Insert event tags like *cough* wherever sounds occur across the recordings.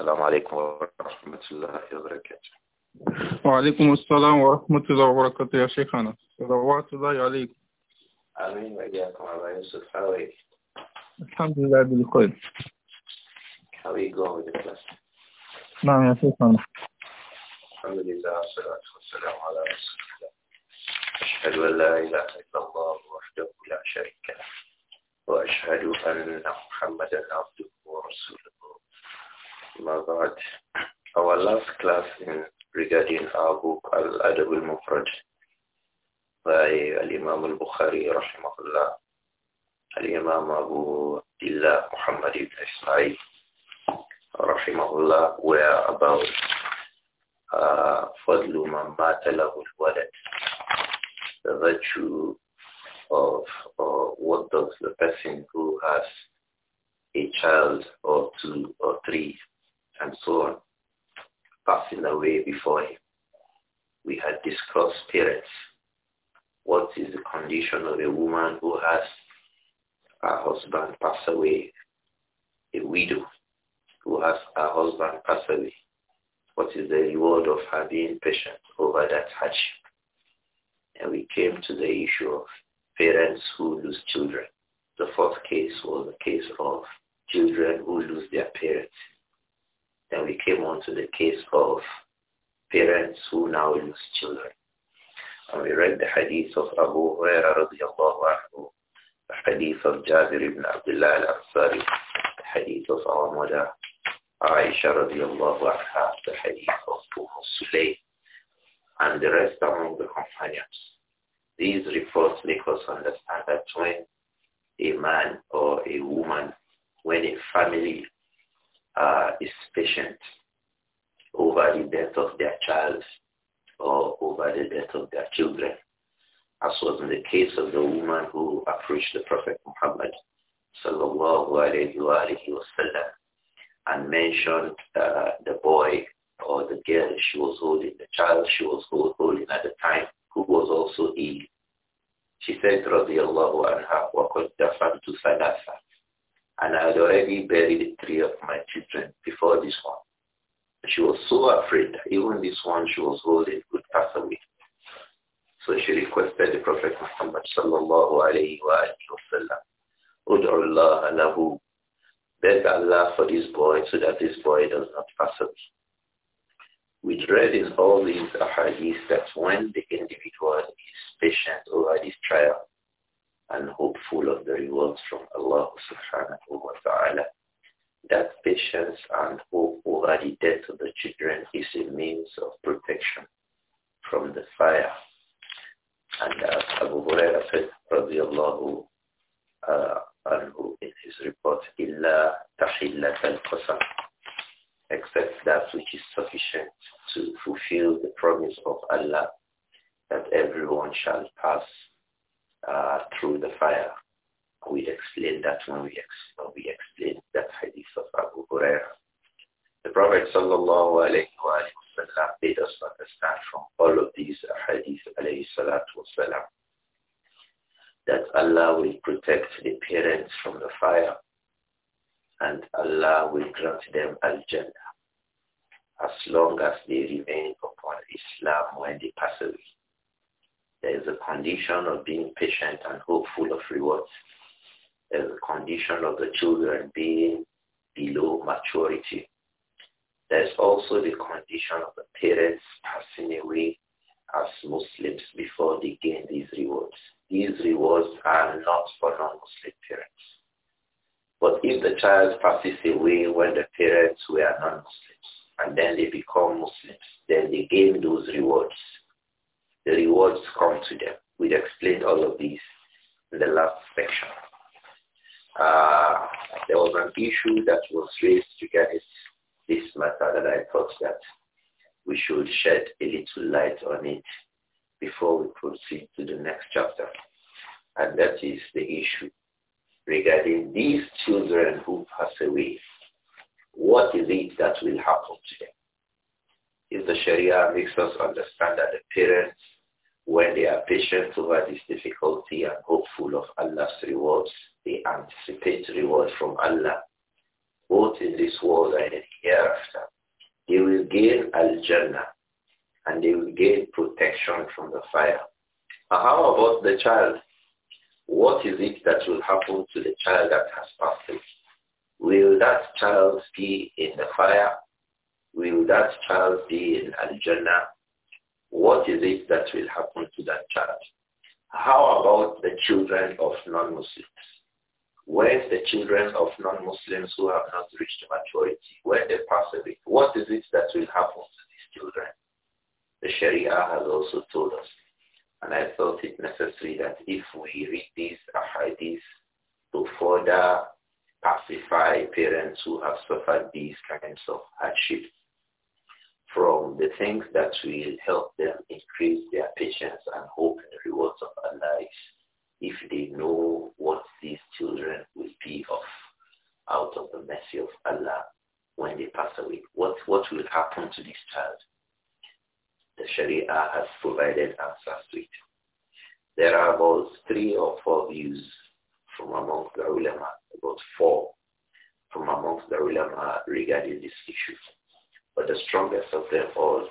السلام عليكم ورحمة الله وبركاته وعليكم السلام ورحمة الله وبركاته يا شيخنا روعت الله عليكم آمين وإياكم على يوسف حاوي الحمد لله بالخير How are you going with نعم يا شيخنا الحمد لله والصلاة والسلام على رسول الله أشهد أن لا إله إلا الله وحده لا شريك له وأشهد أن محمدا عبده ورسوله My God, Our last class in, regarding our book Al-Adab al-Mufraj by Al-Imam al-Bukhari rahimahullah, Al-Imam Abu Abdullah Muhammad ibn Ismail rahimahullah were about uh, Fadlu man mata al-walad, the virtue of or uh, what does the person who has a child or two or three and so on, passing away before him. We had discussed parents. What is the condition of a woman who has her husband pass away, a widow who has her husband pass away? What is the reward of her being patient over that hardship? And we came to the issue of parents who lose children. The fourth case was the case of children who lose their parents. Then we came on to the case of parents who now lose children. And we read the hadith of Abu Huraira radiallahu anhu, the hadith of Jabir ibn Abdullah al-Ansari, the hadith of our mother Aisha radiallahu anha, the hadith of Abu umm Sulaym, and the rest among the companions. These reports make us understand that when a man or a woman, when a family uh, is patient over the death of their child or over the death of their children, as was in the case of the woman who approached the Prophet Muhammad sallallahu alayhi wa and mentioned uh, the boy or the girl she was holding, the child she was holding at the time, who was also ill. She said, رضي الله عنها, وَقَدْ دَفَنْتُ ثَلَاثًا and I had already buried three of my children before this one. She was so afraid that even this one she was holding would pass away. So she requested the Prophet Muhammad sallallahu alayhi wa sallam, Ud'ullah lahu, beg Allah for this boy so that this boy does not pass away. We read in all these ahadith that when the individual is patient over this trial, and hopeful of the rewards from Allah subhanahu wa ta'ala. That patience and hope over the death of the children is a means of protection from the fire. And as Abu Huraira said, radiallahu uh, anhu in his report, إِلَّا al الْقَسَمِ Except that which is sufficient to fulfill the promise of Allah that everyone shall pass uh, through the fire. We explained that when we, ex we explained that hadith of Abu Huraira. The Prophet sallallahu alayhi wa sallam made us understand from all of these hadiths that Allah will protect the parents from the fire and Allah will grant them al-Jannah as long as they remain upon Islam when they pass away. There is a condition of being patient and hopeful of rewards. There is a condition of the children being below maturity. There's also the condition of the parents passing away as Muslims before they gain these rewards. These rewards are not for non-Muslim parents. But if the child passes away when the parents were non-Muslims and then they become Muslims, then they gain those rewards the rewards come to them. We explained all of these in the last section. Uh, there was an issue that was raised regarding this matter that I thought that we should shed a little light on it before we proceed to the next chapter. And that is the issue regarding these children who pass away. What is it that will happen to them? If the Sharia makes us understand that the parents when they are patient over this difficulty and hopeful of Allah's rewards, they anticipate reward from Allah, both in this world and in hereafter. They will gain al-Jannah and they will gain protection from the fire. Now how about the child? What is it that will happen to the child that has passed away? Will that child be in the fire? Will that child be in al-Jannah? What is it that will happen to that child? How about the children of non-Muslims? Where's the children of non-Muslims who have not reached maturity? Where they pass away? What is it that will happen to these children? The Sharia has also told us. And I thought it necessary that if we read these ahadith to further pacify parents who have suffered these kinds of hardships, from the things that will help them increase their patience and hope in the rewards of Allah lives if they know what these children will be of out of the mercy of Allah when they pass away. What, what will happen to this child? The Sharia has provided answers to it. There are about three or four views from amongst the ulama, about four from amongst the ulama regarding this issue. But the strongest them all.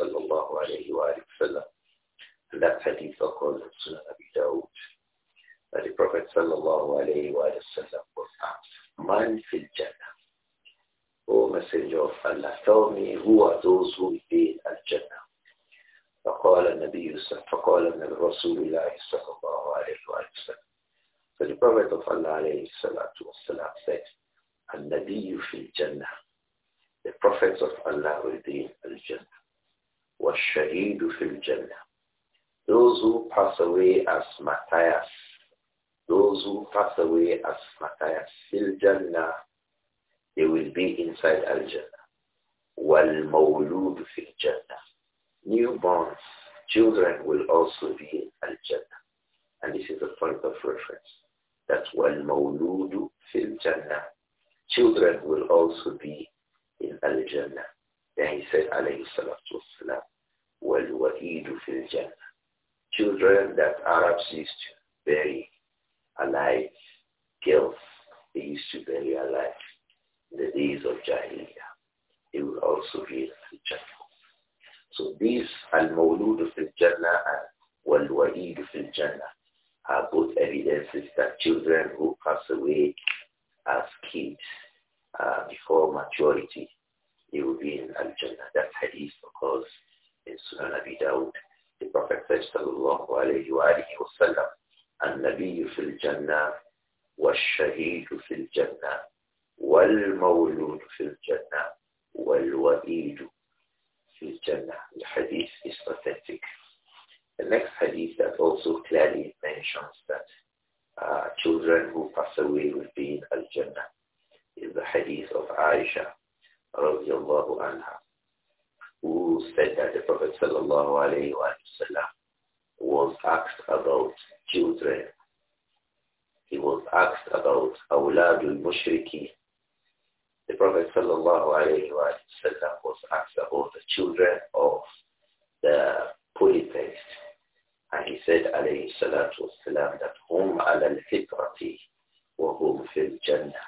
sallallahu alayhi wa sallam. And that hadith of course of Sunan Abi Dawood That the Prophet sallallahu alayhi wa sallam was asked, Man fil Jannah. O Messenger of Allah, tell me who are those who will be in Al-Jannah? فقال النبي فقال من الرسول الله صلى الله عليه وسلم So the Prophet of Allah عليه الصلاة والسلام said, النبي في الجنة The prophets of Allah will be in Al-Jannah. Those who pass away as Matthias, those who pass away as Matthias, fil Jannah, they will be inside Al-Jannah. وَالْمَوْلُودُ fil الْجَنَّةِ Newborns, children will also be in Al-Jannah. And this is a point of reference. That وَالْمَوْلُودُ fil Jannah, Children will also be in Al-Jannah. Then he said, alayhi salatu wasalam, wal wa'idu fil jannah. Children that Arabs used to bury alive, girls they used to bury alive in the days of Jahiliyyah, they will also be in the Jannah. So these al-mawlud fil jannah and wal-wa'id fil jannah are both evidences that children who pass away as kids uh, before maturity he will be in Al-Jannah. That hadith occurs in Sunan Abi Dawud. The Prophet said, Sallallahu alayhi wa alihi wa sallam, النبي في الجنة والشهيد في الجنة والمولود في الجنة والوئيد في Jannah, The hadith is authentic. The next hadith that also clearly mentions that uh, children who pass away will be in Al-Jannah is the hadith of Aisha radiallahu anha, who said that the Prophet sallallahu alayhi wa sallam was asked about children. He was asked about awladul mushriki. The Prophet sallallahu alayhi wa sallam was asked about the children of the polytheists. And he said alayhi salatu wasalam that hum ala al-fitrati wa hum fil jannah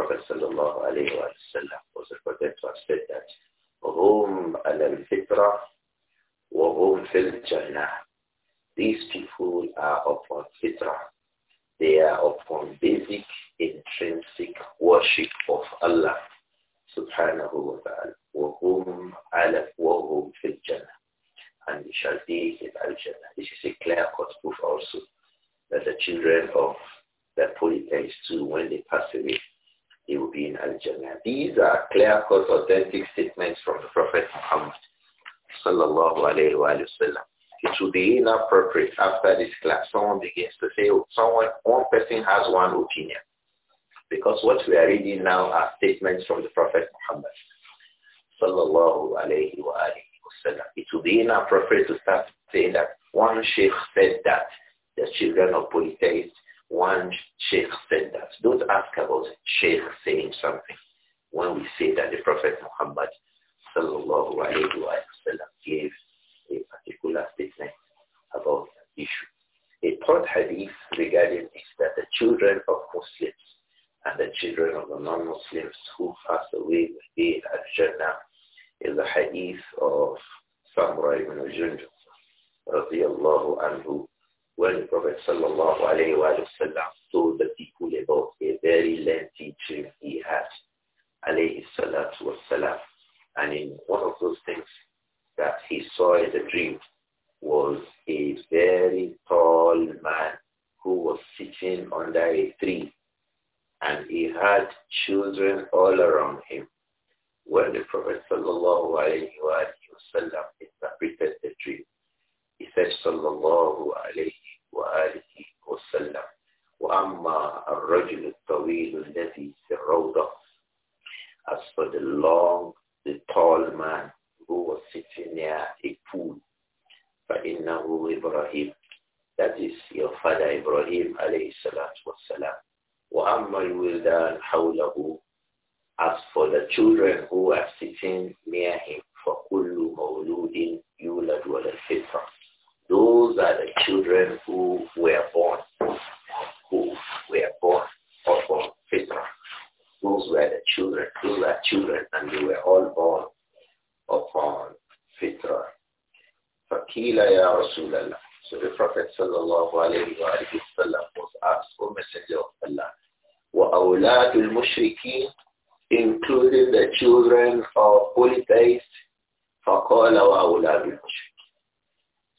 Prophet sallallahu alayhi wa sallam was reported to have said that وَهُمْ عَلَى الْفِطْرَةِ وَهُمْ فِي الْجَنَّةِ These people are upon fitra. They are upon basic intrinsic worship of Allah subhanahu wa ta'ala. وَهُمْ عَلَى وَهُمْ فِي الْجَنَّةِ and they shall be in Al-Jannah. This is a clear-cut proof also that the children of the polytheists too, when they pass away, he will be in Al-Jannah. These are clear-cut authentic statements from the Prophet Muhammad sallallahu alayhi wa sallam. It would be inappropriate after this class, someone begins to say, oh, someone, one person has one opinion. Because what we are reading now are statements from the Prophet Muhammad sallallahu alayhi wa sallam. It would be inappropriate to start saying that one sheikh said that the children of polytheists one sheikh said that. Don't ask about sheikh saying something. When we say that the Prophet Muhammad sallallahu alayhi wa sallam gave a particular statement about an issue. A third hadith regarding is that the children of Muslims and the children of the non-Muslims who pass away the be Jannah is the hadith of Samra ibn Jundub radiallahu anhu when the Prophet sallallahu alayhi wa sallam told the people about a very lengthy trip he had, alayhi salatu wa salam. And in one of those things that he saw in the dream was a very tall man who was sitting under a tree and he had children all around him. When the Prophet sallallahu alayhi wa sallam interpreted the dream, he said sallallahu alayhi وآله وسلم وأما الرجل الطويل الذي في الروضة As for the long, the tall man who was sitting near a pool, فإنه إبراهيم That is your father Ibrahim عليه الصلاة والسلام وأما الولدان حوله As for the children who are sitting near him, فكل مولود يولد على الفطرة those are the children who were born, who were born upon Fitra. Those were the children. Those are children, and they were all born upon Fitra. فَقِيلَ يَا رَسُولَ اللَّهِ So the Prophet sallallahu alaihi wa sallam was asked, O Messenger of Allah, وَأَوْلَادُ الْمُشْرِكِينَ including the children of polytheists, فَقَالَ وَأَوْلَادُ الْمُشْرِكِينَ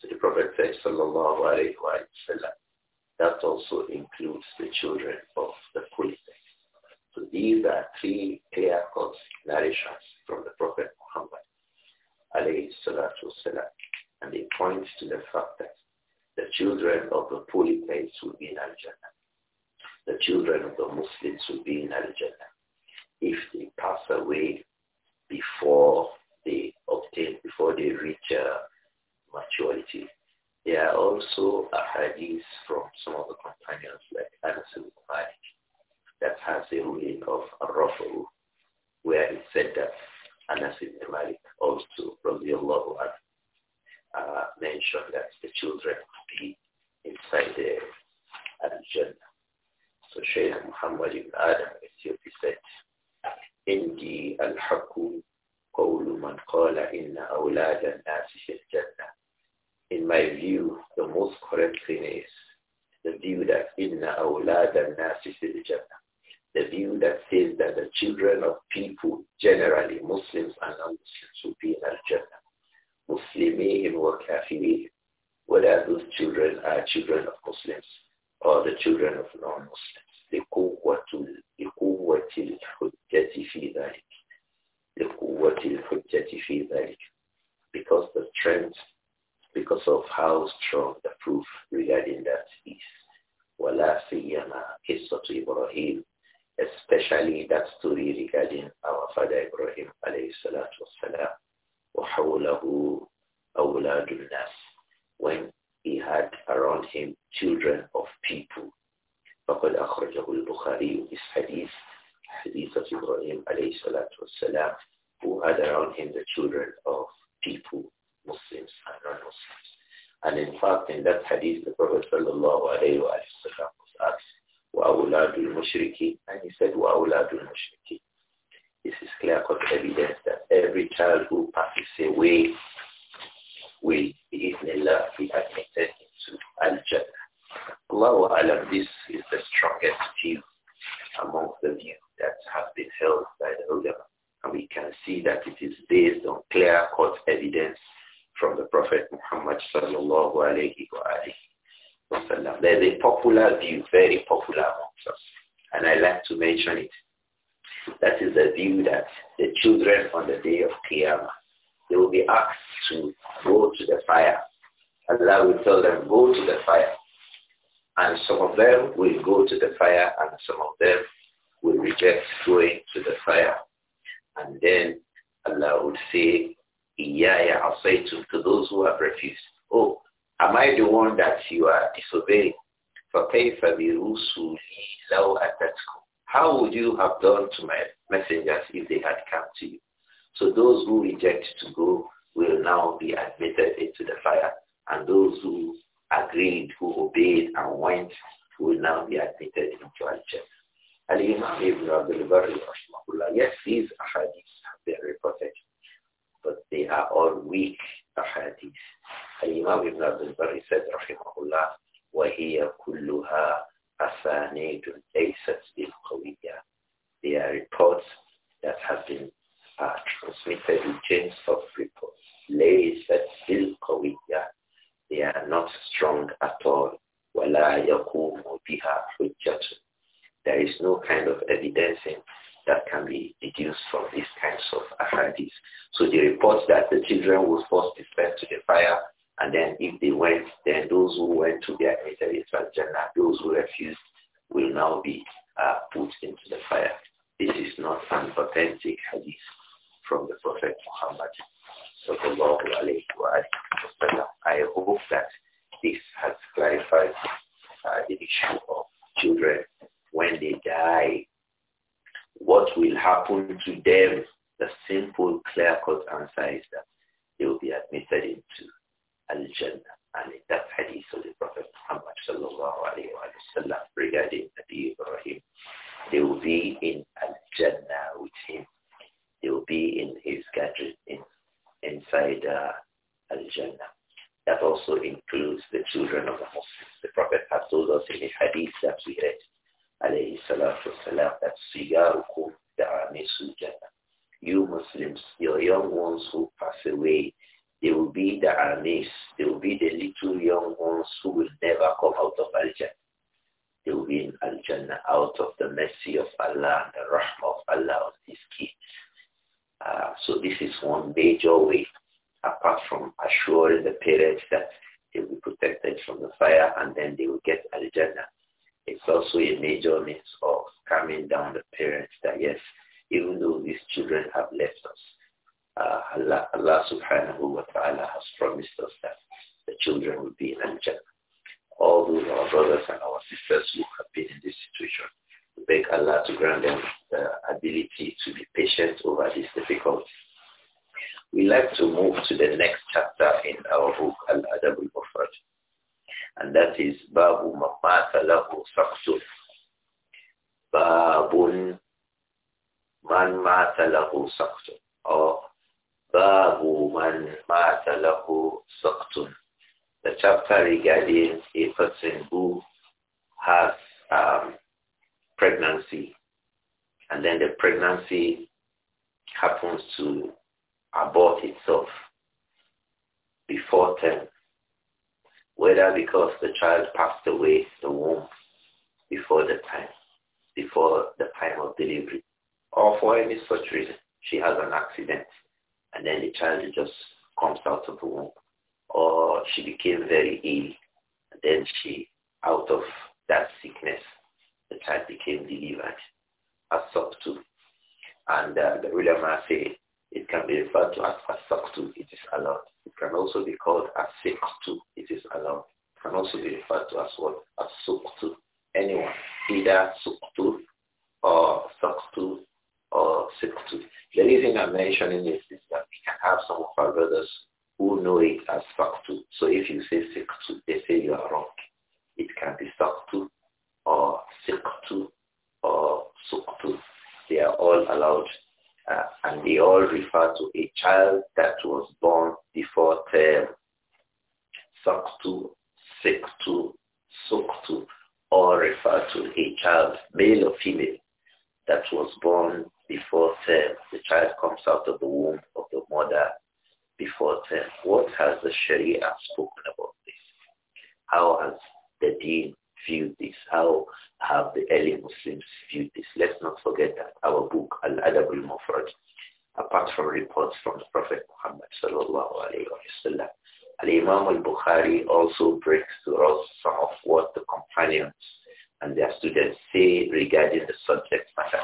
the Prophet Sallallahu Alaihi Wasallam, that also includes the children of the polytheists. So these are three clear-cut narrations from the Prophet Muhammad alayhi salatu wasalam. And they point to the fact that the children of the polytheists will be in Al-Jannah. The children of the Muslims will be in Al-Jannah if they pass away before they obtain, before they reach uh, maturity. There are also ahadith from some of the companions like Anas ibn Malik that has a ruling of Rafu where it said that Anas ibn Malik also, from radiallahu anhu, uh, mentioned that the children would be inside the Al-Jannah. So Shaykh Muhammad ibn Adam Ethiopi said, عندي الحق قول من قال إن أولاد الناس في الجنة in my view, the most correct thing is the view that inna awlad al-nasi fil jannah. The view that says that the children of people, generally Muslims and non-Muslims, will be in al-jannah. Muslimihim wa kafirihim. Whether those children are children of Muslims or the children of non-Muslims. لقوة الحجة في ذلك. لقوة الحجة في ذلك. Because the strength because of how strong the proof regarding that is. Wala siyama Qissatu Ibrahim, especially that story regarding our father Ibrahim alayhi salatu wasalam, وحوله أولاد الناس, when he had around him children of people. فقد أخرجه البخاري this hadith, hadith of Ibrahim alayhi salatu wasalam, who had around him the children of people. Muslims and non-Muslims. And in fact, in that hadith, the Prophet sallallahu alayhi wa sallam was asked, وَأَوْلَادُ الْمُشْرِكِينَ And he said, وَأَوْلَادُ الْمُشْرِكِينَ This is clear-cut evidence that every child who passes away will, bi'ithnillah, be admitted into Al-Jannah. Allahu Alam, this is the strongest view amongst the views that have been held by the ulama. And we can see that it is based on clear-cut evidence from the Prophet Muhammad sallallahu alayhi wa sallam. There's a popular view, very popular amongst us, and I like to mention it. That is the view that the children on the day of Qiyamah, they will be asked to go to the fire. Allah will tell them, go to the fire. And some of them will go to the fire and some of them will reject going to the fire. And then Allah will say, I'll say to those who have refused. Oh, am I the one that you are disobeying? فَكَيْفَ بِرُسُلِي لَوْ أَتَتْكُمْ How would you have done to my messengers if they had come to you? So those who reject to go will now be admitted into the fire, and those who agreed, who obeyed and went, will now be admitted into Al-Jannah. Al-Imam Ibn Abdul Barri, yes, these ahadiths have been reported but they are all weak ahadith. Al-Imam Ibn Abdul Barri said, rahimahullah, وَهِيَ كُلُّهَا أَسَانِيدٌ لَيْسَتْ بِالْقَوِيَّةِ They are reports that have been uh, transmitted in chains of reports. لَيْسَتْ بِالْقَوِيَّةِ They are not strong at all. وَلَا يَقُومُ بِهَا حُجَّةٌ There is no kind of evidence in that can be deduced from these kinds of ahadith. So the report that the children forced to dispensed to the fire, and then if they went, then those who went to their admitted transgender, those who refused, will now be uh, put into the fire. This is not an authentic hadith from the Prophet Muhammad. I hope that this has clarified uh, the issue of children when they die what will happen to them, the simple, clear-cut answer is that they will be admitted into Al-Jannah. And that's hadith of the she became very ill. And then she, out of that sickness, the child became delivered, as subtu. And uh, the ulama say it can be referred to as asaktu, it is allowed. It can also be called asiktu, it is allowed. It can also be referred to as what? Asuktu. Anyone, either suktu or saktu or siktu. The reason I'm mentioning this is that we can have some of our brothers who know it as to. So if you say to, they say you are wrong. It can be to or to or to. They are all allowed uh, and they all refer to a child that was born before term. to, Siktu, to all refer to a child, male or female, that was born before term. The child comes out of the womb of the mother before them. What has the Sharia spoken about this? How has the deen viewed this? How have the early Muslims viewed this? Let's not forget that our book, Al-Adab al-Mufrad, apart from reports from the Prophet Muhammad sallallahu alayhi wa Al-Imam al-Bukhari also brings to us some of what the companions and their students say regarding the subject matter.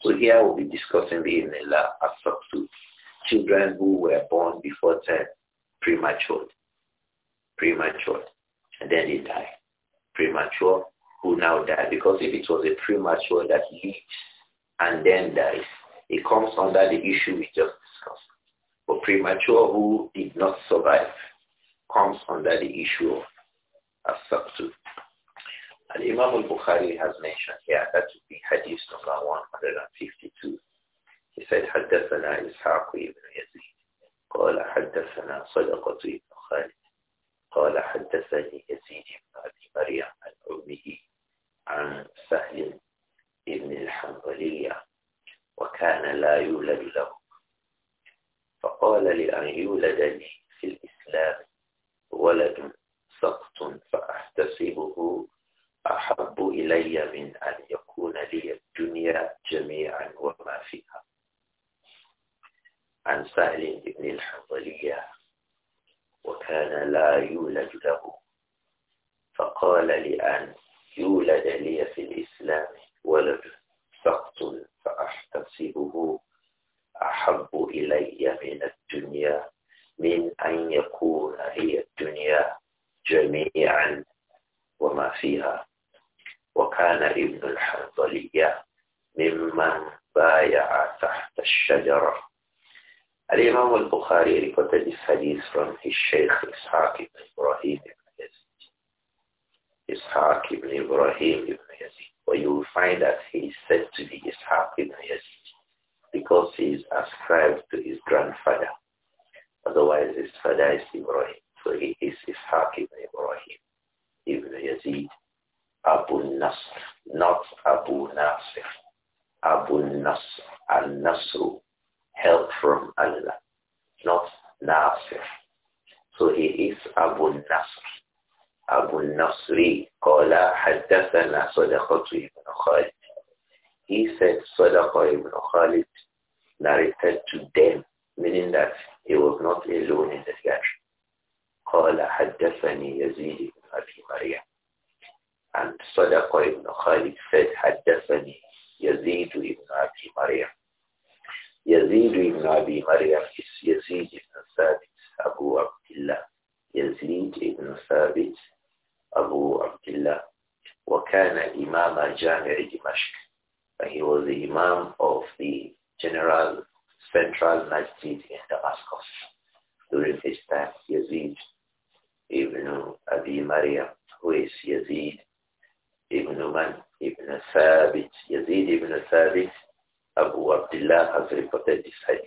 So here we'll be discussing the Inila as children who were born before time, premature, premature, and then they die, premature, who now die. Because if it was a premature that lives and then dies, it comes under the issue we just discussed. But premature who did not survive comes under the issue of asabtu. And Imam al-Bukhari has mentioned here that the be hadith number 152. He حدثنا إسحاق بن يزيد قال حدثنا صدقة بن خالد قال حدثني يزيد بن أبي مريم عن أمه عن سهل بن الحنظلية وكان لا يولد له فقال لأن يولد لي في الإسلام ولد سقط فأحتسبه أحب إلي من أن يكون لي الدنيا جميعا وما فيها عن سهل بن الحنظلية وكان لا يولد له فقال لأن يولد لي في الإسلام ولد سقط فأحتسبه أحب إلي من الدنيا من أن يكون هي الدنيا جميعا وما فيها وكان ابن الحنظلية ممن بايع تحت الشجرة Al-Imam al-Bukhari reported this hadith from his Shaykh Ishaq ibn Ibrahim ibn Yazid. Ishaq ibn Ibrahim ibn Yazid. Where you will find that he is said to be Ishaq ibn Yazid because he is ascribed to his grandfather. Otherwise his father is Ibrahim. So he is Ishaq ibn Ibrahim ibn Yazid Abu Nasr, not Abu Nasr. Abu Nasr, al-Nasr help from Allah, not Nasir. So he is Abu Nasr. Abu Nasri Qala Haddathana Sadaqatu ibn Khalid. He said Sadaqa ibn Khalid narrated to them, meaning that he was not alone in the gathering. قال حدثني Yazid ibn Abi مريم and Sadaqa ibn Khalid said حدثني Yazid ibn Abi مريم Yazid ibn Abi Maryam Yazid ibn Thabit Abu Abdullah. Yazid ibn Thabit Abu Abdullah. وكان إمام جامع دمشق. And he was the Imam of the General Central Masjid has reported this hadith.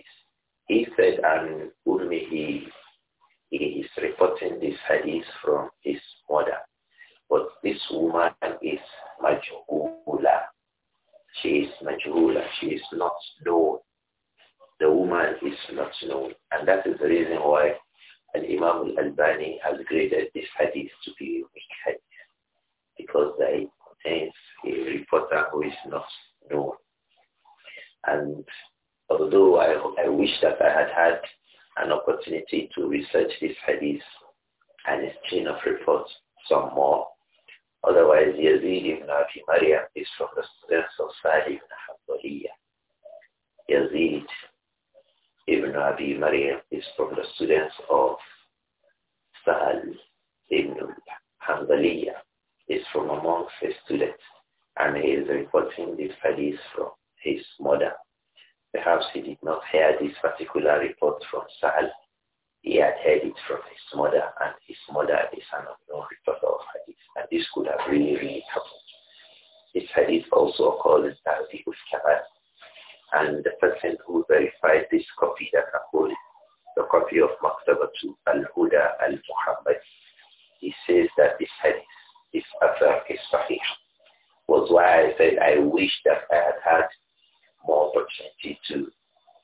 opportunity to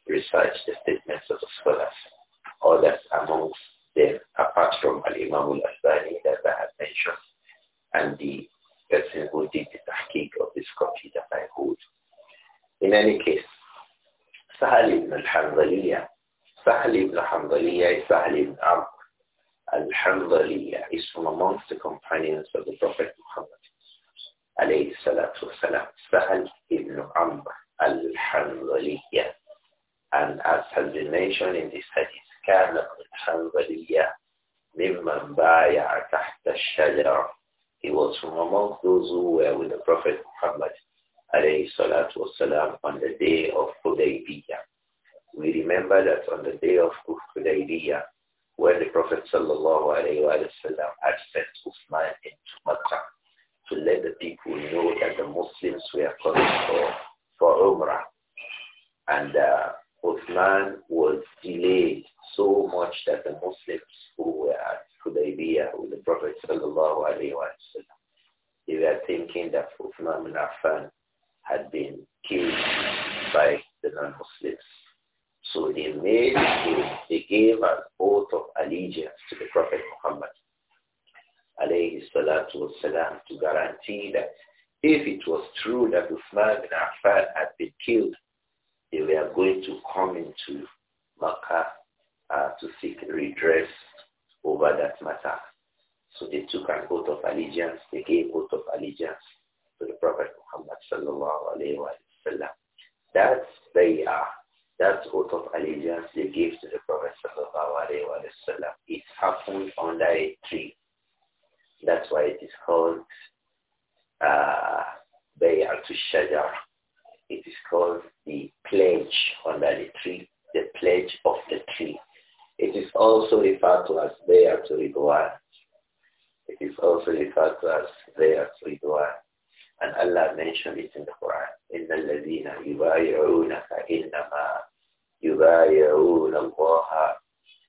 research the statements of the scholars, others amongst them, apart from Al-Imam al-Azbani that I have mentioned, and the person who did the tahqiq of this copy that I hold. In any case, Sahal ibn al hamdaliyah Sahal ibn al hamdaliyah is Sahal ibn Amr al hamdaliyah is from amongst the companions of the Prophet Muhammad, alayhi salatu wasalam, Sahal ibn Amr al And as has been mentioned in this hadith, كان ممن بايع تحت الشجرة. He was from among those who were with the Prophet Muhammad alayhi on the day of Hudaybiyah. We remember that on the day of Hudaybiyah, when the Prophet sallallahu had sent Uthman into Makkah to let the people know that the Muslims were coming for for Umrah. And uh, Uthman was delayed so much that the Muslims who were at Hudaybiyah with the Prophet sallallahu alaihi wasallam, they were thinking that Uthman bin Affan had been killed by the non-Muslims. So they made, they gave an oath of allegiance to the Prophet Muhammad alayhi salatu wasalam to guarantee that if it was true that Uthman bin Affan had been killed, they were going to come into Makkah uh, to seek redress over that matter. So they took an oath of allegiance. They gave oath of allegiance to the Prophet Muhammad sallallahu alaihi wasallam. That's they are. That oath of allegiance they gave to the Prophet sallallahu alaihi wasallam. It happened under a tree. That's why it is called uh, Shajar. It is called the pledge under the tree, the pledge of the tree. It is also referred to as Bayatul Ridwan. It is also referred to as Bayatul Ridwan. And Allah mentioned it in the Quran. إِنَّ الَّذِينَ يُبَايِعُونَكَ إِنَّمَا يُبَايِعُونَ اللَّهَ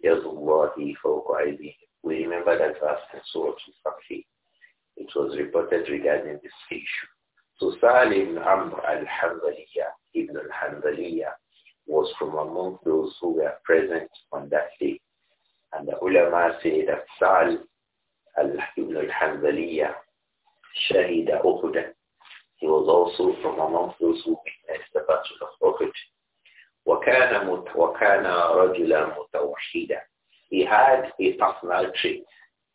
يَدُ اللَّهِ فَوْقَ We remember that verse in Surah Al-Fatih was reported regarding this issue. So Salim Amr al-Hanbaliya, Ibn al-Hanbaliya, was from among those who were present on that day. And the ulama say that Sal al Ibn al-Hanbaliya, Shahida he was also from among those who witnessed the battle of Uhud. وكان مت وكان رجلا He had a personal trait,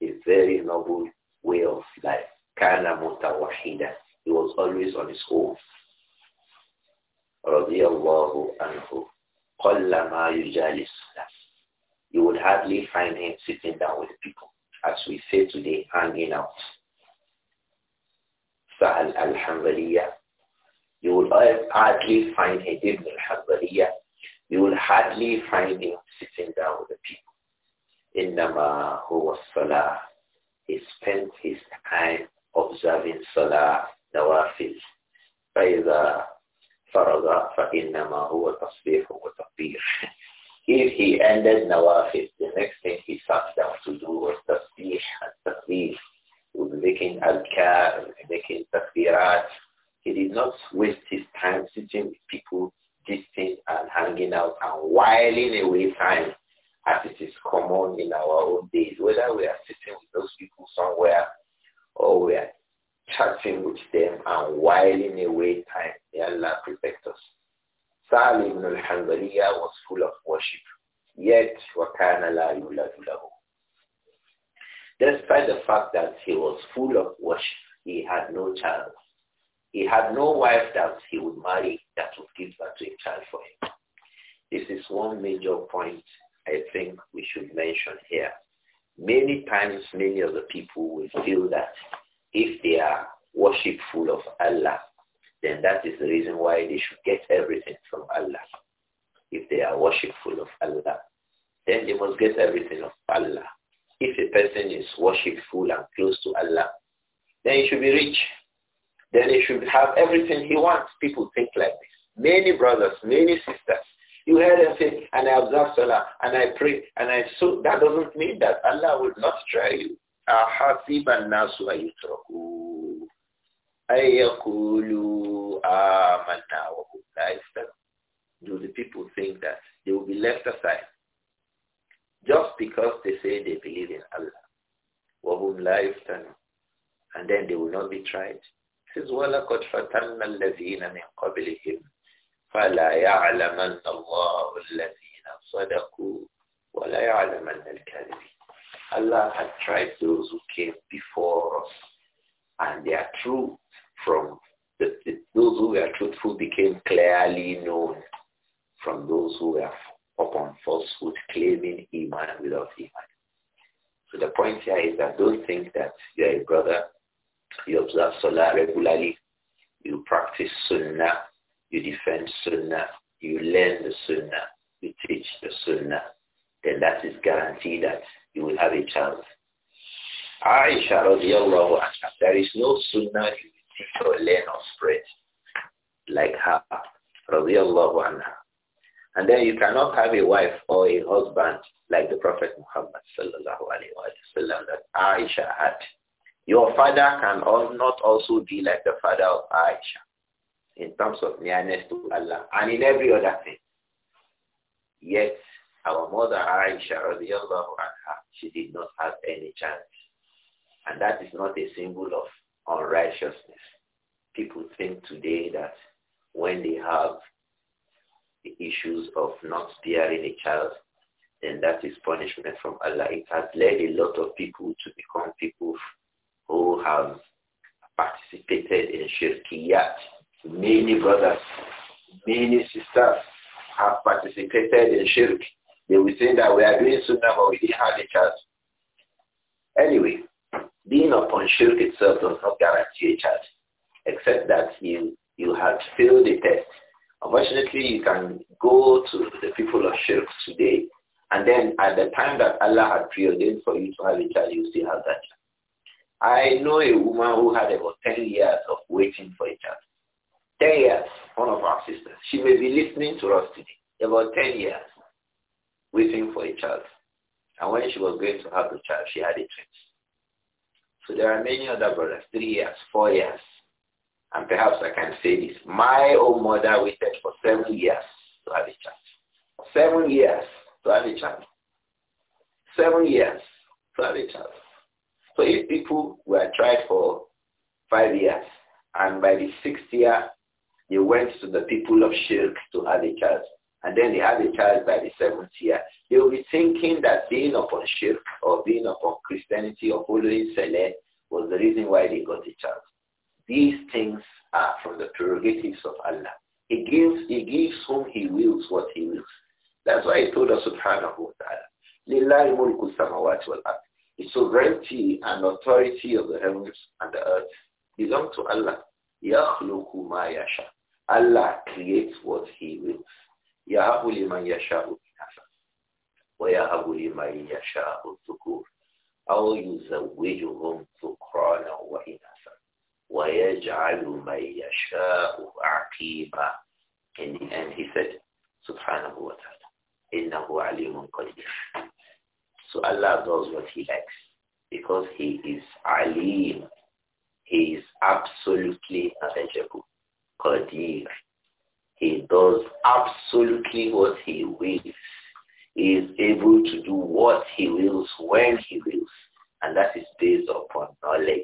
a very noble way of life. Kana mutawahida. He was always on his own. Radiallahu anhu. Qallama yujalis. You would hardly find him sitting down with people. As we say today, hanging out. Sa'al al-Hanbaliyah. You would hardly find him, Ibn al-Hanbaliyah. You would hardly find him sitting down with the people. إنما هو الصلاة he spent his time observing Salah, Nawafil. فَإِذَا فَرَضَ فَإِنَّمَا هُوَ تَصْبِيحٌ وَتَقْبِيرٌ *laughs* If he ended Nawafil, the next thing he sat down to do was tasbih and tasbih. He was making adhkar, making takbirat. He did not waste his time sitting with people, gisting and hanging out and whiling away time as it is common in our own days, whether we are sitting with those people somewhere or we are chatting with them and whiling away time. May Allah protect us. Salim al-Hanbaliya was full of worship, yet وَكَانَ لَا يُولَدُ Despite the fact that he was full of worship, he had no child. He had no wife that he would marry that would give birth to a child for him. This is one major point I think we should mention here. Many times, many of the people will feel that if they are worshipful of Allah, then that is the reason why they should get everything from Allah. If they are worshipful of Allah, then they must get everything of Allah. If a person is worshipful and close to Allah, then he should be rich. Then he should have everything he wants. People think like this. Many brothers, many sisters, you heard them say, and I observe Salah, and I pray, and I so that doesn't mean that Allah will not try you. أحسب الناس أن يتركوا أن يقولوا آمنا وهم لا يفتنون Do the people think that they will be left aside just because they say they believe in Allah وهم لا يفتنون And then they will not be tried. This is فَتَنَّ الَّذِينَ مِنْ قَبْلِهِمْ فلا يعلمن الله الذين صدقوا ولا يعلمن الكاذبين Allah had tried those who came before us and their truth from the, the, those who were truthful became clearly known from those who were upon falsehood claiming iman without iman. So the point here is that don't think that you're a brother, you observe salah regularly, you practice sunnah, you defend Sunnah. You learn the Sunnah. You teach the Sunnah. Then that is guaranteed that you will have a chance. Aisha radiallahu anha, there is no Sunnah you teach or learn or spread like her radiallahu anha. And then you cannot have a wife or a husband like the Prophet Muhammad sallallahu alaihi wasallam that Aisha had. Your father can not also be like the father of Aisha in terms of nearness to Allah and in every other thing. Yet our mother Aisha anha, she did not have any chance. And that is not a symbol of unrighteousness. People think today that when they have the issues of not bearing a child, then that is punishment from Allah. It has led a lot of people to become people who have participated in shirkiyat, Many brothers, many sisters have participated in shirk. They will say that we are doing sunnah but we didn't have a chance. Anyway, being upon shirk itself does not guarantee a chance, except that you, you have failed the test. Unfortunately, you can go to the people of shirk today, and then at the time that Allah had preordained for you to have a child, you still have that child. I know a woman who had about 10 years of waiting for a child. 10 years, one of our sisters. She may be listening to us today. About 10 years, waiting for a child. And when she was going to have the child, she had a twin. So there are many other brothers, three years, four years. And perhaps I can say this. My own mother waited for seven years to have a child. Seven years to have a child. Seven years to have a child. So if people were tried for five years, and by the sixth year they went to the people of Shirk to have a child. And then they have a child by the seventh year. They will be thinking that being upon Shirk or being upon Christianity or following Saleh was the reason why they got a child. These things are from the prerogatives of Allah. He gives, he gives whom he wills what he wills. That's why he told us subhanahu wa ta'ala. Lillahi mulku samawati wal The sovereignty and authority of the heavens and the earth belong to Allah. يَخْلُقُ مَا يَشَاءُ Allah creates what he wills. يَهَبُ لِمَنْ يَشَاءُ إِنَاثًا وَيَهَبُ لِمَنْ يَشَاءُ الذُّكُورَ أَوْ يُزَوِّجُهُمْ ذُكْرَانًا وَإِنَاثًا وَيَجْعَلُ مَنْ يَشَاءُ عَقِيمًا In the end, he said, Subhanahu wa ta'ala, إِنَّهُ عَلِيمٌ قَدِيرٌ So Allah does what he likes because he is Alim, he is absolutely knowledgeable. Qadir. He does absolutely what he wills. He is able to do what he wills, when he wills. And that is based upon knowledge.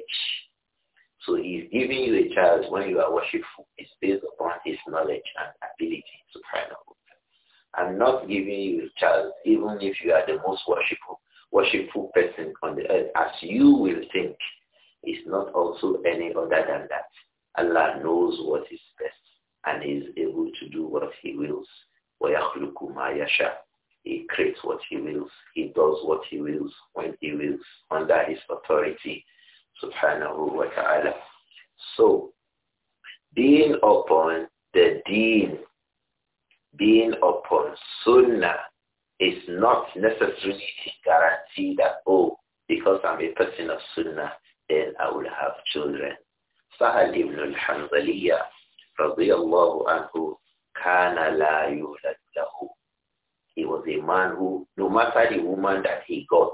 So he's giving you a child when you are worshipful. It's based upon his knowledge and ability, to a I'm not giving you a child, even if you are the most worshipful, worshipful person on the earth, as you will think is not also any other than that. Allah knows what is best and is able to do what he wills. He creates what he wills. He does what he wills when he wills under his authority. Subhanahu wa ta'ala. So, being upon the deen, being upon sunnah is not necessarily a guarantee that, oh, because I'm a person of sunnah, then I would have children. Sahal ibn al-Hanzaliya radiallahu anhu kana la yulad lahu. He was a man who, no matter the woman that he got,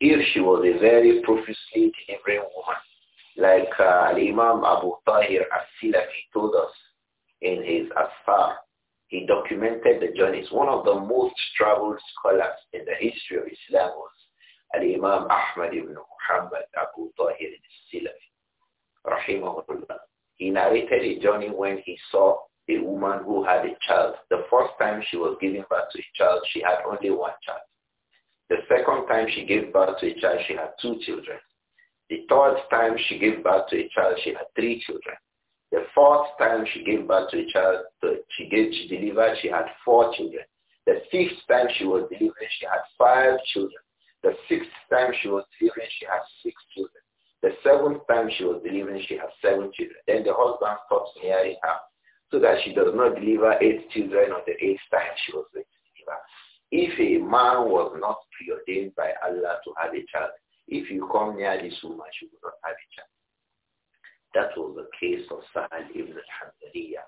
if she was a very profusely delivering woman, like uh, Imam Abu Tahir as-Silafi told us in his Asfar, he documented the journeys. One of the most traveled scholars in the history of Islam was Al-Imam Ahmad ibn Muhammad Abu Tahir al-Silafi, rahimahullah, he narrated a journey when he saw a woman who had a child. The first time she was giving birth to a child, she had only one child. The second time she gave birth to a child, she had two children. The third time she gave birth to a child, she had three children. The fourth time she gave birth to a child, she gave, she delivered, she had four children. The fifth time she was delivered, she had five children. The sixth time she was delivering, she had six children. The seventh time she was delivering, she had seven children. Then the husband stops marrying her so that she does not deliver eight children on the eighth time she was going to deliver. If a man was not preordained by Allah to have a child, if you come near this woman, she will not have a child. That was the case of Sa'ad ibn al-Hamdaliyah.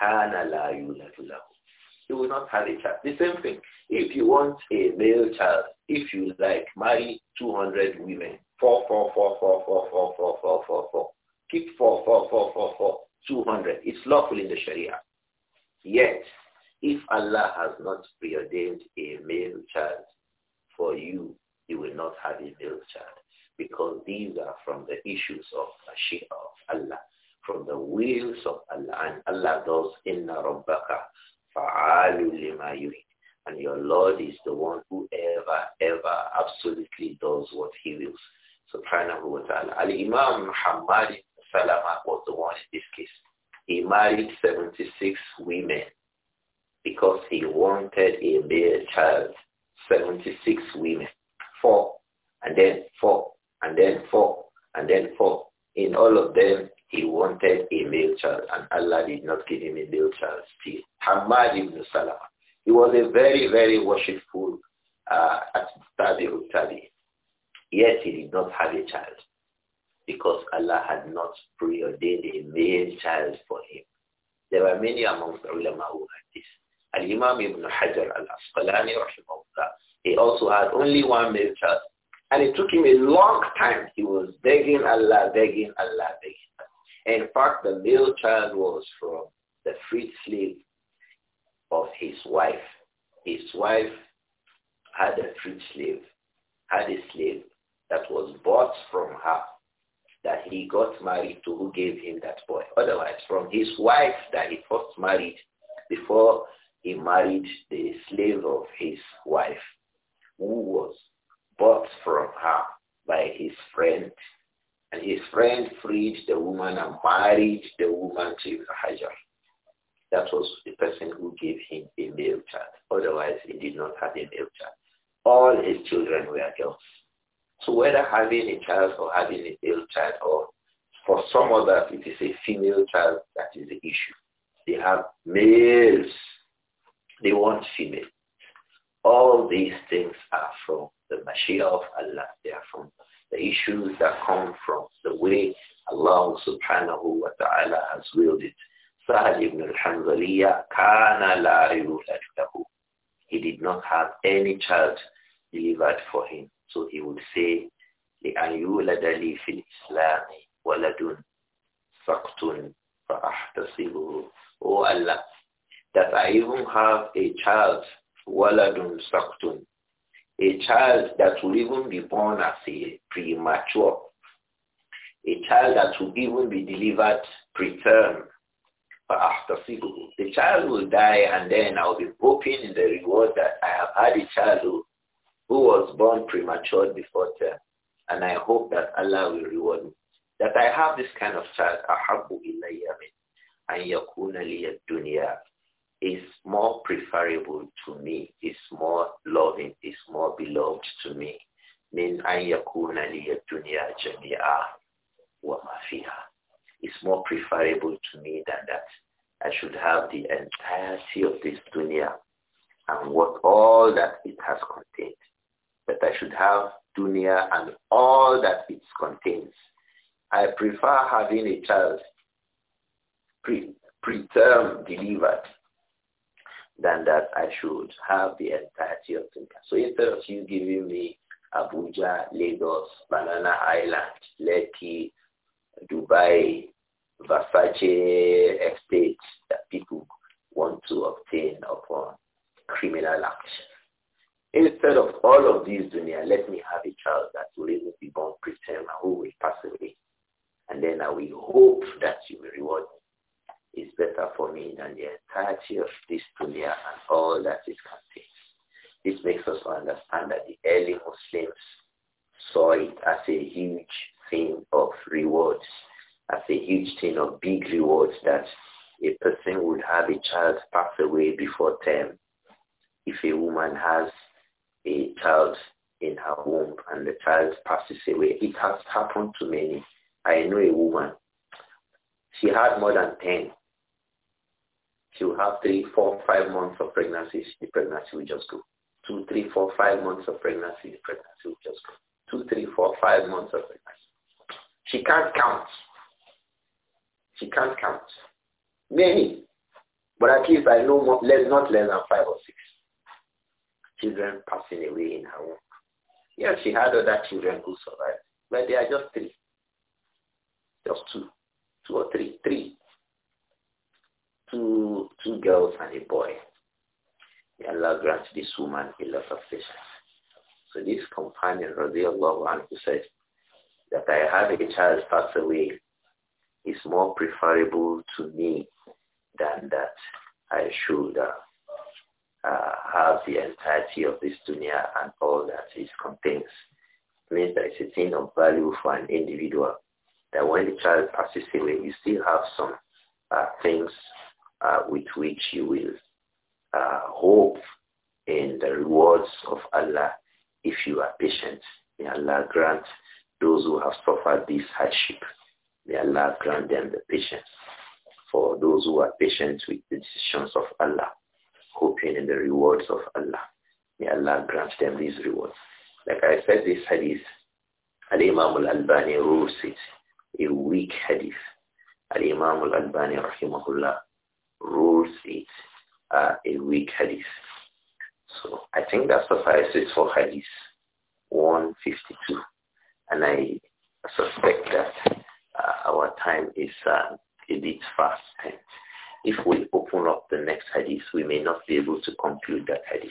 كان لا يولد له you will not have a child. The same thing. If you want a male child, if you like, marry 200 women. Four, four, four, four, four, four, four, four, four, four. Keep four, four, four, four, four, 200. It's lawful in the Sharia. Yet, if Allah has not preordained a male child for you, you will not have a male child because these are from the issues of Mashiach of Allah, from the wills of Allah. And Allah does, Inna Rabbaka and your Lord is the one who ever, ever absolutely does what he wills. Subhanahu wa ta'ala. Al-Imam Muhammad Salama was the one in this case. He married 76 women because he wanted a male child. 76 women. Four, and then four, and then four, and then four. In all of them, he wanted a male child and Allah did not give him a male child still. Hamad ibn Salama. He was a very, very worshipful uh, at Tabi'ut Tabi. Yet he did not have a child because Allah had not preordained a male child for him. There were many among the ulama who had this. Al-Imam ibn Hajar al-Asqalani, he also had only one male child. And it took him a long time. He was begging Allah, begging Allah, begging Allah. In fact, the male child was from the freed slave of his wife. His wife had a freed slave, had a slave that was bought from her, that he got married to who gave him that boy. Otherwise, from his wife that he first married before he married the slave of his wife, who was bought from her by his friend and his friend freed the woman and married the woman to his Hajar. That was the person who gave him a male child. Otherwise, he did not have a male child. All his children were girls. So whether having a child or having a male child or for some others, it is a female child that is the issue. They have males. They want female. All these things are from the Mashiach of Allah. They are from the the issues that come from the way Allah subhanahu wa ta'ala has willed it. Sahal ibn al-Hanzaliya kana la lahu. He did not have any child delivered for him. So he would say, لأن يولد لي في الإسلام ولد سقط فأحتسبه Oh Allah, that I even have a child, waladun saktun, a child that will even be born as a premature, a child that will even be delivered preterm, after feeble. The child will die and then I'll be hoping in the reward that I have had a child who, who was born premature before term and I hope that Allah will reward me. That I have this kind of child, أحب إلي من أن is more preferable to me, is more loving, is more beloved to me. Min an liya dunya jami'a wa mafiha. It's more preferable to me than that. I should have the entirety of this dunya and what all that it has contained. That I should have dunya and all that it contains. I prefer having a child pre preterm delivered than that I should have the entirety of Tinka. So instead of you giving me Abuja, Lagos, Banana Island, Lekki, Dubai, Versace estate that people want to obtain upon criminal action. Instead of all of these dunya, let me have a child that will even be born preterm and who will pass away. And then I will hope that you will reward me is better for me than the entirety of this dunya and all that it contains. This makes us understand that the early Muslims saw it as a huge thing of rewards, as a huge thing of big rewards that a person would have a child pass away before term if a woman has a child in her womb and the child passes away. It has happened to many. I know a woman. She had more than 10 she will have three, four, five months of pregnancy. The pregnancy will just go. Two, three, four, five months of pregnancy. The pregnancy will just go. Two, three, four, five months of pregnancy. She can't count. She can't count. Many. But at least I know more, less, not less than five or six children passing away in her womb. Yes, she had other children who survived, but they are just three. Just two. Two or three. Three two, two girls and a boy. May Allah grant this woman a lot of patience. So this companion, radiallahu anhu, said that I have a child pass away is more preferable to me than that I should uh, uh, have the entirety of this dunya and all that it contains. It means that it's a thing of value for an individual that when the child passes away, you still have some uh, things uh, with which you will uh, hope in the rewards of Allah if you are patient. May Allah grant those who have suffered this hardship, may Allah grant them the patience. For those who are patient with the decisions of Allah, hoping in the rewards of Allah, may Allah grant them these rewards. Like I said, this hadith, Al-Imam al-Albani rules it, a weak hadith. Al-Imam al-Albani, rahimahullah, rules it uh, a weak hadith. So I think that suffices for hadith 152. And I suspect that uh, our time is uh, a bit fast spent. If we open up the next hadith, we may not be able to conclude that hadith.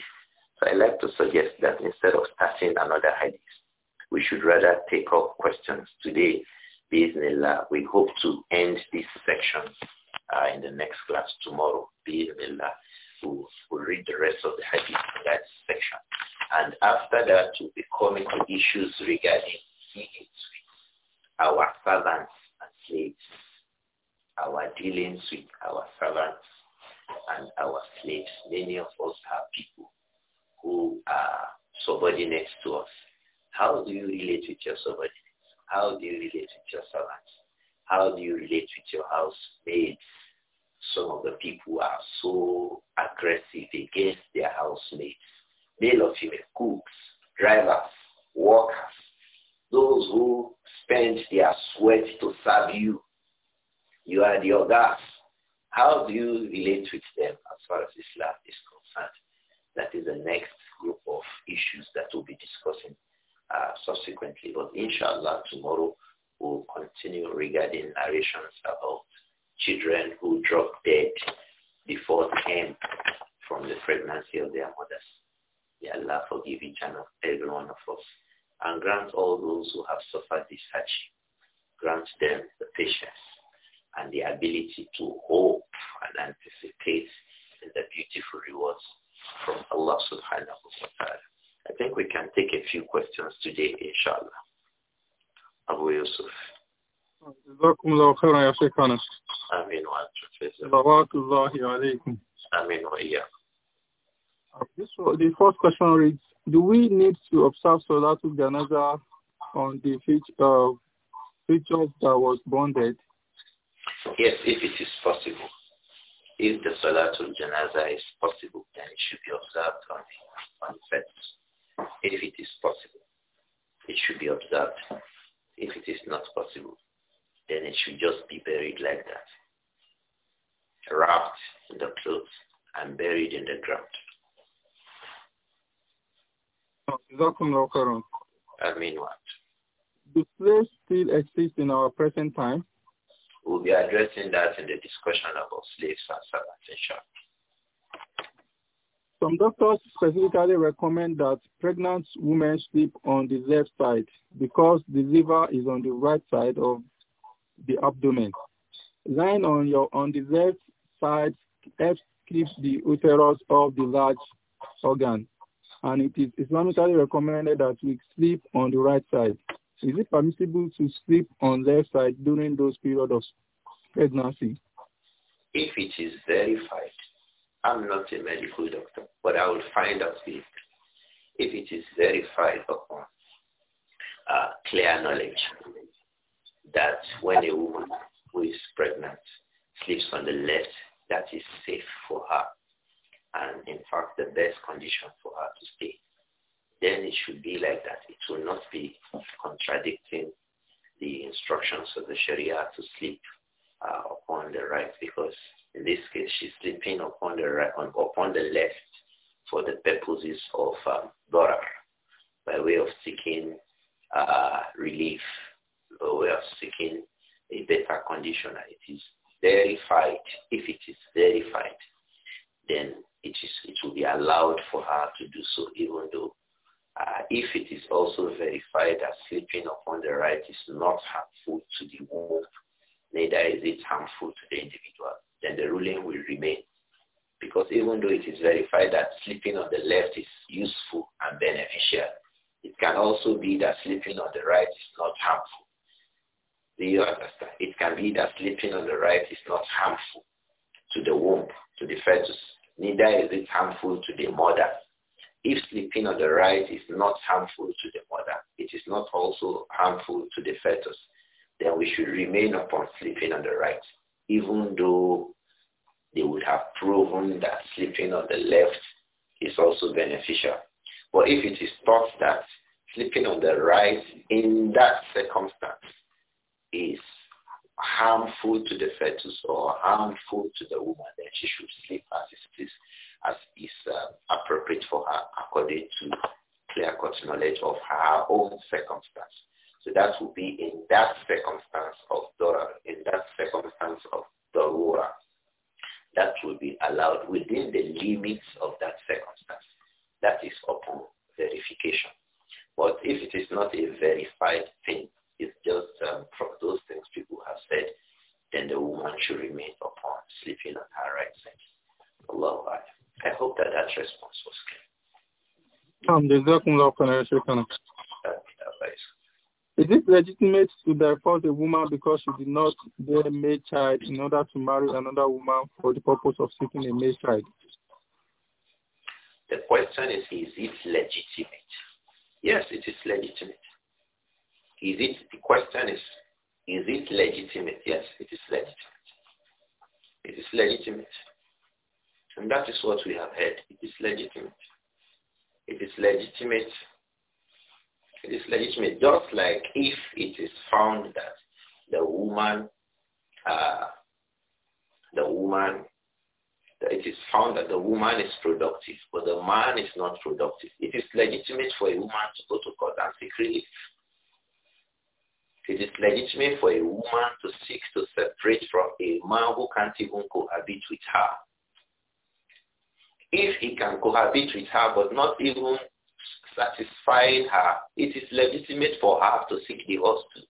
So I like to suggest that instead of starting another hadith, we should rather take up questions today. Bismillah, we hope to end this section uh, in the next class tomorrow. Bismillah. We'll, will read the rest of the hadith in that section. And after that, we'll be coming to issues regarding our servants and slaves, our dealings with our servants and our slaves. Many of us have people who are subordinates to us. How do you relate with your subordinates? How do you relate with your servants? How do you relate with your housemates? Some of the people are so aggressive against their housemates. Male or female, cooks, drivers, workers, those who spend their sweat to serve you. You are the others. How do you relate with them as far as Islam is concerned? That is the next group of issues that we'll be discussing uh, subsequently. But inshallah, tomorrow will continue regarding narrations about children who drop dead before 10 from the pregnancy of their mothers. May Allah forgive each and every one of us and grant all those who have suffered this hardship, grant them the patience and the ability to hope and anticipate the beautiful rewards from Allah subhanahu wa ta'ala. I think we can take a few questions today, inshallah. أبو يوسف جزاكم الله خيرا يا شيخنا آمين وأنتم الله عليكم آمين وإياكم the first question reads, do we need to observe Salatul Janaza on the feature, uh, feature that was bonded? Yes, if it is possible. If the Salatul Janaza is possible, then it should be observed on the, on the fence. If it is possible, it should be observed. If it is not possible, then it should just be buried like that, wrapped in the clothes, and buried in the ground. I mean what? The slaves still exist in our present time? We'll be addressing that in the discussion about slaves and servants, some doctors specifically recommend that pregnant women sleep on the left side because the liver is on the right side of the abdomen. Lying on your on the left side helps keep the uterus of the large organ, and it is Islamically recommended that we sleep on the right side. Is it permissible to sleep on left side during those periods of pregnancy? If it is verified I'm not a medical doctor, but I will find out if, if it is verified upon uh, clear knowledge that when a woman who is pregnant sleeps on the left, that is safe for her and in fact the best condition for her to stay. Then it should be like that. It will not be contradicting the instructions of the Sharia to sleep uh, upon the right because in this case, she's sleeping upon the right, on, upon the left for the purposes of um, Dorar, by way of seeking uh, relief, by way of seeking a better condition. It is verified. If it is verified, then it is it will be allowed for her to do so, even though uh, if it is also verified that sleeping upon the right is not harmful to the womb, neither is it harmful to the individual then the ruling will remain. Because even though it is verified that sleeping on the left is useful and beneficial, it can also be that sleeping on the right is not harmful. Do you understand? It can be that sleeping on the right is not harmful to the womb, to the fetus. Neither is it harmful to the mother. If sleeping on the right is not harmful to the mother, it is not also harmful to the fetus, then we should remain upon sleeping on the right even though they would have proven that sleeping on the left is also beneficial. But if it is thought that sleeping on the right in that circumstance is harmful to the fetus or harmful to the woman, then she should sleep as it is, as is uh, appropriate for her according to clear-cut knowledge of her own circumstance. So that will be in that circumstance of Dora, in that circumstance of Dorora. That will be allowed within the limits of that circumstance. That is upon verification. But if it is not a verified thing, it's just um, from those things people have said, then the woman should remain upon sleeping on her right side. Allahu I hope that that response was clear. Um, is it legitimate to divorce a woman because she did not bear a male child in order to marry another woman for the purpose of seeking a male child? The question is, is it legitimate? Yes, it is legitimate. Is it, the question is, is it legitimate? Yes, it is legitimate. It is legitimate. And that is what we have heard. It is legitimate. It is legitimate it's legitimate. Just like if it is found that the woman, uh, the woman, it is found that the woman is productive, but the man is not productive. It is legitimate for a woman to go to court and seek relief. It is legitimate for a woman to seek to separate from a man who can't even cohabit with her. If he can cohabit with her but not even satisfying her, it is legitimate for her to seek divorce too.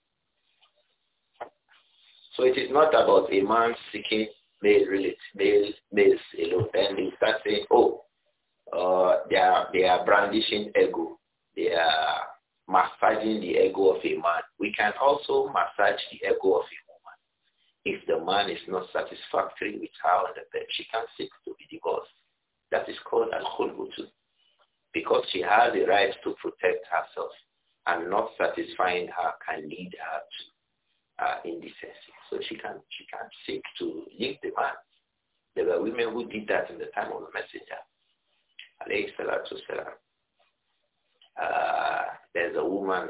So it is not about a man seeking male relatives, male males alone. and they start saying, oh, uh, they are they are brandishing ego. They are massaging the ego of a man. We can also massage the ego of a woman. If the man is not satisfactory with her on the bed, she can seek to be divorced. That is called al khulbutu because she has the right to protect herself and not satisfying her can lead her to uh, indecency. So she can she can seek to leave the man. There were women who did that in the time of the messenger. Uh, there's a woman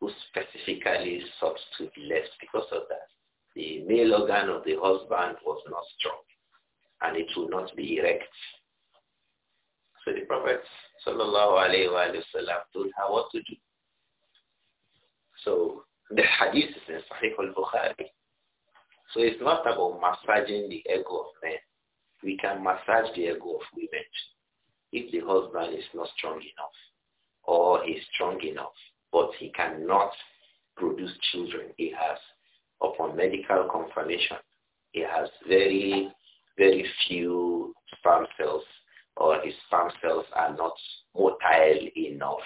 who specifically sought to be left because of that. The male organ of the husband was not strong and it will not be erect. So the prophets sallallahu alayhi wa, sallam, told her what to do. So the hadith is in Sahih al-Bukhari. So it's not about massaging the ego of men. We can massage the ego of women if the husband is not strong enough or he's strong enough, but he cannot produce children. He has, upon medical confirmation, he has very, very few sperm cells or his sperm cells are not motile enough.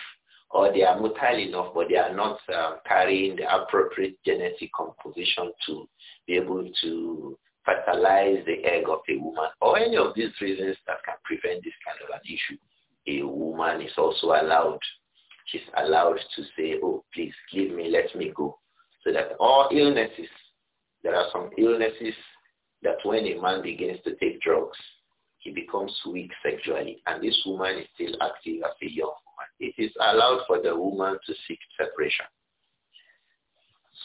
Or they are motile enough, but they are not um, carrying the appropriate genetic composition to be able to fertilize the egg of a woman. Or any of these reasons that can prevent this kind of an issue. A woman is also allowed, she's allowed to say, oh, please give me, let me go. So that all illnesses, there are some illnesses that when a man begins to take drugs, he becomes weak sexually. And this woman is still active as a young woman. It is allowed for the woman to seek separation.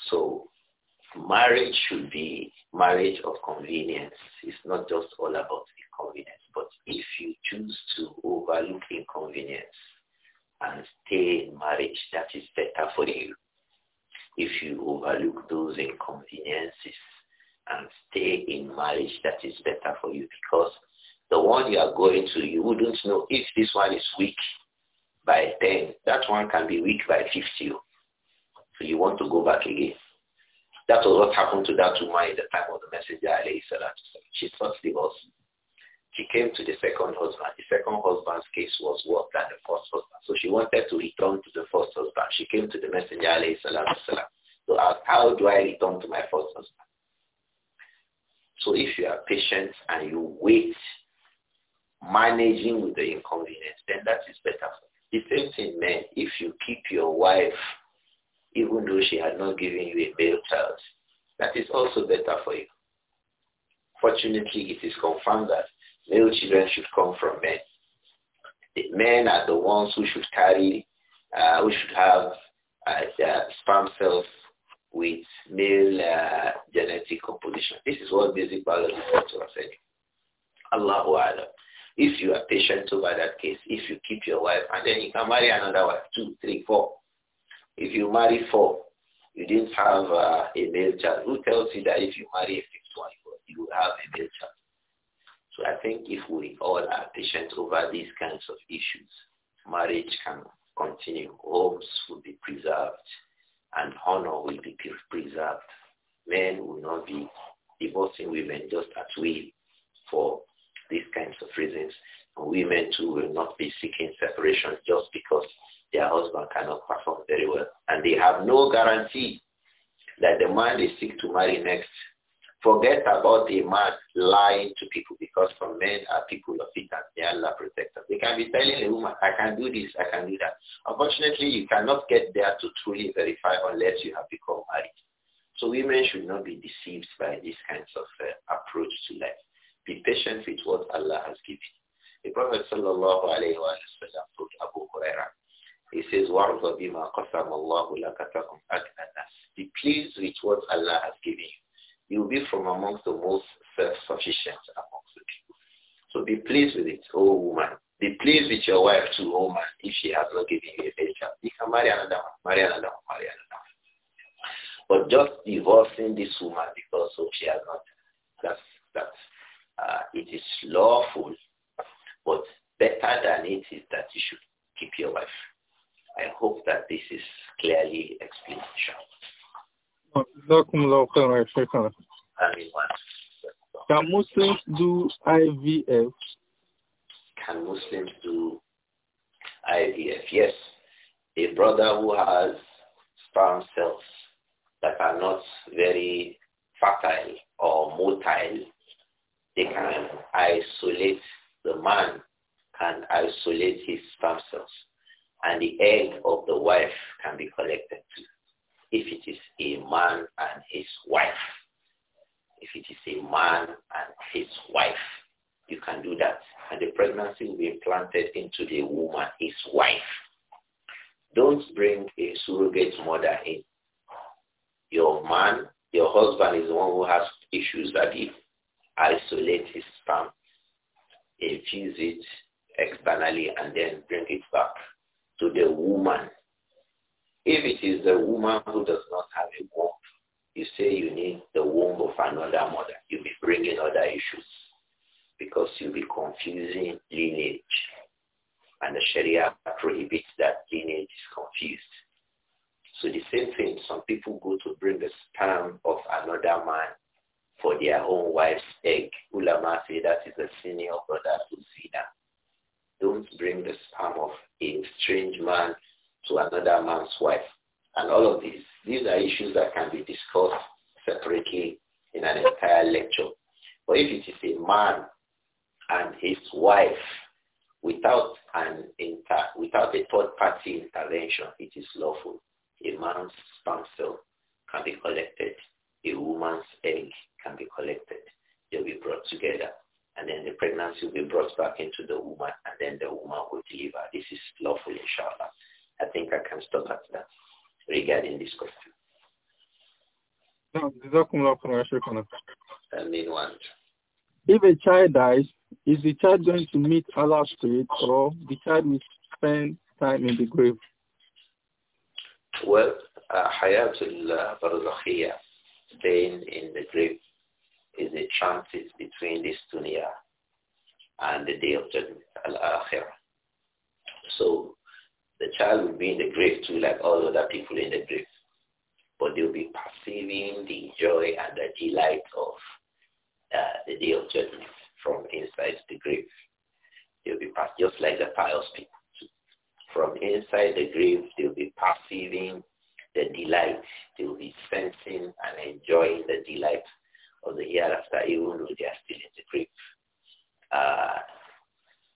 So marriage should be marriage of convenience. It's not just all about inconvenience. But if you choose to overlook inconvenience and stay in marriage, that is better for you. If you overlook those inconveniences and stay in marriage, that is better for you because the one you are going to, you wouldn't know if this one is weak by 10. That one can be weak by 50. So you want to go back again. That was what happened to that woman in the time of the messenger, She sought divorce. She came to the second husband. The second husband's case was worse than the first husband. So she wanted to return to the first husband. She came to the messenger, alayhi salatu to ask, uh, how do I return to my first husband? So if you are patient and you wait managing with the inconvenience, then that is better. The same thing, man, if you keep your wife, even though she had not given you a male child, that is also better for you. Fortunately, it is confirmed that male children should come from men. The men are the ones who should carry, uh, who should have uh, sperm cells with male uh, genetic composition. This is what basic biology taught saying. us. Allahu Alam. If you are patient over that case, if you keep your wife, and then you can marry another wife, two, three, four. If you marry four, you didn't have uh, a male child. Who tells you that if you marry a fifth one, you will have a male child? So I think if we all are patient over these kinds of issues, marriage can continue, homes will be preserved, and honor will be preserved. Men will not be divorcing women just as we for these kinds of reasons. women too will not be seeking separation just because their husband cannot perform very well. And they have no guarantee that the man they seek to marry next, forget about the man lying to people because some men are people of it and they are protect us. They can be telling a woman, I can do this, I can do that. Unfortunately, you cannot get there to truly verify unless you have become married. So women should not be deceived by these kinds of uh, approach to life. Be patient with what Allah has given. The Prophet sallallahu alayhi wa sallam told Abu Huraira, he says, وَعْرْضَ بِمَا قَسَمَ اللَّهُ لَكَ تَكُمْ أَدْنَى Be pleased with what Allah has given you. You will be from amongst the most self-sufficient amongst the people. So be pleased with it, O woman. Be pleased with your wife too, O man, if she has not given you a baby child. You can marry another one, marry another one, marry another one. But just divorcing this woman because oh, she has not, that's, that's uh, it is lawful, but better than it is that you should keep your wife. I hope that this is clearly explained. Can Muslims do IVF? Can Muslims do IVF? Yes. A brother who has sperm cells that are not very fertile or motile they can isolate the man can isolate his sperm cells, and the egg of the wife can be collected too, if it is a man and his wife. If it is a man and his wife, you can do that. And the pregnancy will be implanted into the woman, his wife. Don't bring a surrogate mother in. Your man, your husband is the one who has issues, That he isolate his sperm, infuse it externally, and then bring it back to the woman. If it is the woman who does not have a womb, you say you need the womb of another mother. You'll be bringing other issues because you'll be confusing lineage. And the Sharia prohibits that lineage is confused. So the same thing, some people go to bring the sperm of another man for their own wife's egg. Ulama Masi—that that is a senior brother to zina. Don't bring the sperm of a strange man to another man's wife. And all of these, these are issues that can be discussed separately in an entire lecture. But if it is a man and his wife without an inter, without a third party intervention, it is lawful. A man's sperm cell can be collected, a woman's egg can be collected. They'll be brought together. And then the pregnancy will be brought back into the woman and then the woman will deliver. This is lawful, inshallah. I think I can stop at that regarding this question. If a child dies, is the child going to meet Allah's spirit or the child will spend time in the grave? Well, uh, Hayatul Barzakhiya, staying in the grave is a transit between this dunya and the day of judgment, al-akhirah. So the child will be in the grave too, like all other people in the grave. But they'll be perceiving the joy and the delight of uh, the day of judgment from inside the grave. They'll be just like the pious people. Too. From inside the grave, they'll be perceiving the delight. They'll be sensing and enjoying the delight of the year after, even though they are still in the grave. Uh,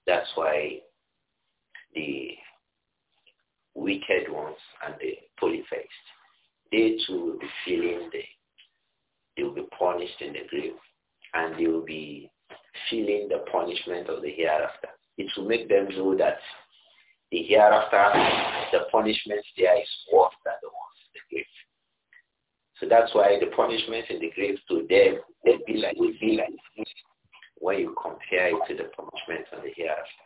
that's why the wicked ones and the polytheists, they too will be feeling the, they will be punished in the grave and they will be feeling the punishment of the hereafter. It will make them know that the hereafter, the punishment there is worse than the so that's why the punishment in the grave to them will be like will be like when you compare it to the punishment on the hereafter.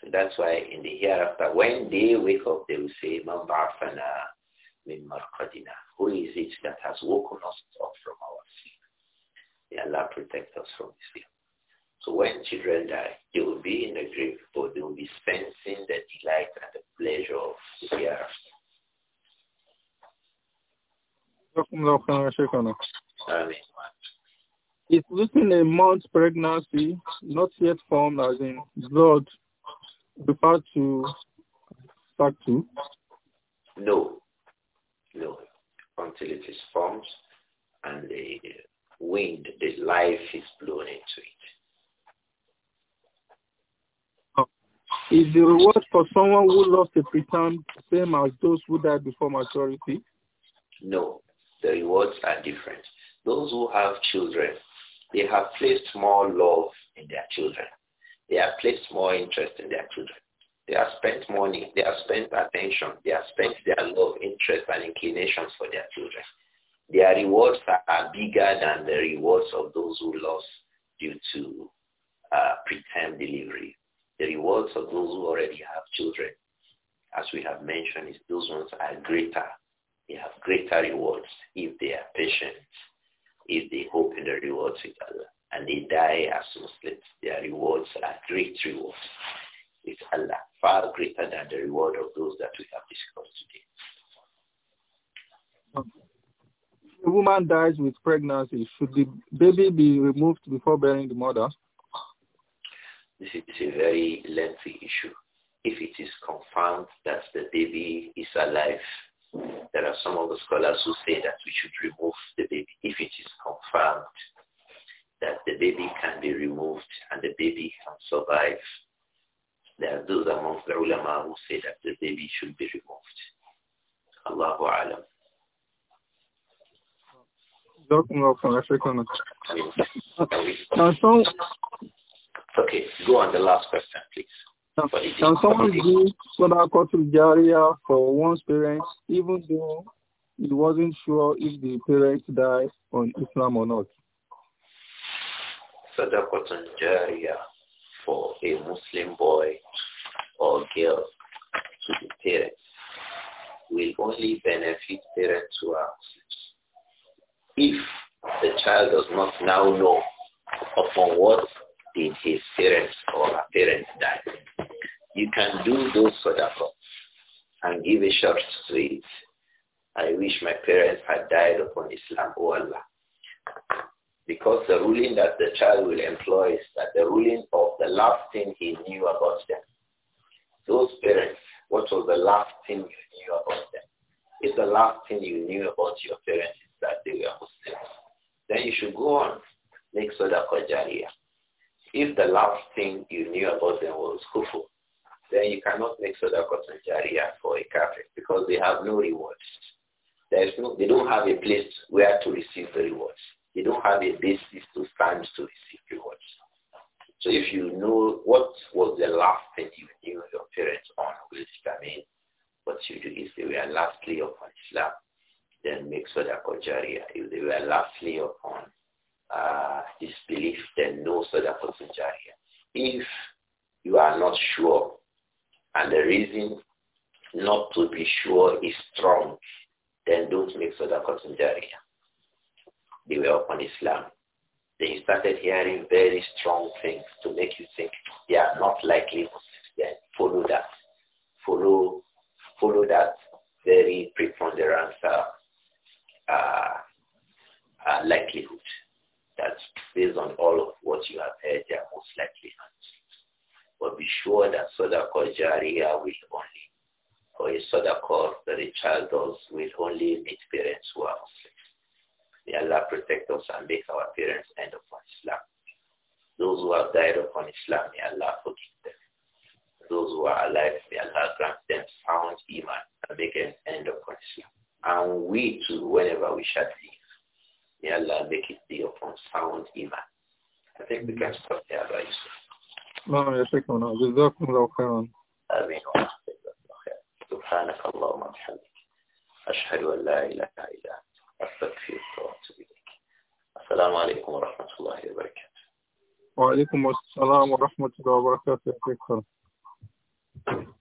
So that's why in the hereafter, when they wake up, they will say, Man min marqadina. Who is it that has woken us up from our sleep? May Allah protect us from sleep. So when children die, they will be in the grave, but they will be sensing the delight and the pleasure of the hereafter. It's within a month pregnancy, not yet formed as in blood, referred to to? No, no. Until it is formed and the wind, the life is blown into it. Oh. Is the reward for someone who lost a preterm same as those who died before maturity? No, the rewards are different. Those who have children, they have placed more love in their children. They have placed more interest in their children. They have spent money. They have spent attention. They have spent their love, interest, and inclinations for their children. Their rewards are bigger than the rewards of those who lost due to uh, preterm delivery. The rewards of those who already have children, as we have mentioned, is those ones are greater they have greater rewards if they are patient, if they hope in the rewards with Allah. And they die as Muslims. Their rewards are great rewards with Allah, far greater than the reward of those that we have discussed today. A woman dies with pregnancy. Should the baby be removed before bearing the mother? This is a very lengthy issue. If it is confirmed that the baby is alive there are some of the scholars who say that we should remove the baby if it is confirmed that the baby can be removed and the baby can survive. There are those among the ulama who say that the baby should be removed. Allahu alam. Uh, okay, go on the last question, please. Can someone do Sadaqatul Jariya for one's parents, even though he wasn't sure if the parents died on Islam or not? Sadaqatul Jariya for a Muslim boy or girl to the parents will only benefit parents who are Muslims. If the child does not now know upon what did his parents or her parents die, you can do those sadaqah and give a short to it. I wish my parents had died upon Islam, O oh Allah. Because the ruling that the child will employ is that the ruling of the last thing he knew about them. Those parents, what was the last thing you knew about them? If the last thing you knew about your parents is that they were Muslims, then you should go on, make sadaqah jariyah. If the last thing you knew about them was kufr, then you cannot make sadaqah and jariyah for a kafir because they have no rewards. There is no, they don't have a place where to receive the rewards. They don't have a basis to stand to receive rewards. So if you know what was the last thing you knew your parents on will determine what you do. If they were lastly upon Islam, then make sadaqah jariyah. If they were lastly upon uh, disbelief, then no sadaqah jariyah. If you are not sure and the reason not to be sure is strong, then don't make sadaqah in Jariya. They were upon Islam. They started hearing very strong things to make you think they are not likely Muslims. follow that. Follow, follow that very preponderant uh, uh, uh, likelihood. That's based on all of what you have heard, they are most likely but be sure that Sadaqah Jariya will only, or a Sadaqah that a child does will only meet parents who are Muslims. May Allah protect us and make our parents end up on Islam. Those who have died upon Islam, may Allah forgive them. Those who are alive, may Allah grant them sound iman and make an end upon Islam. And we too, whenever we shall leave, may Allah make it be upon sound iman. I think we can stop there right? نعم يا شيخنا جزاكم الله خيرا آمين سبحانك اللهم وبحمدك أشهد أن لا إله إلا أنت أستغفرك وأتوب إليك السلام عليكم ورحمة الله وبركاته وعليكم السلام ورحمة الله وبركاته يا شيخنا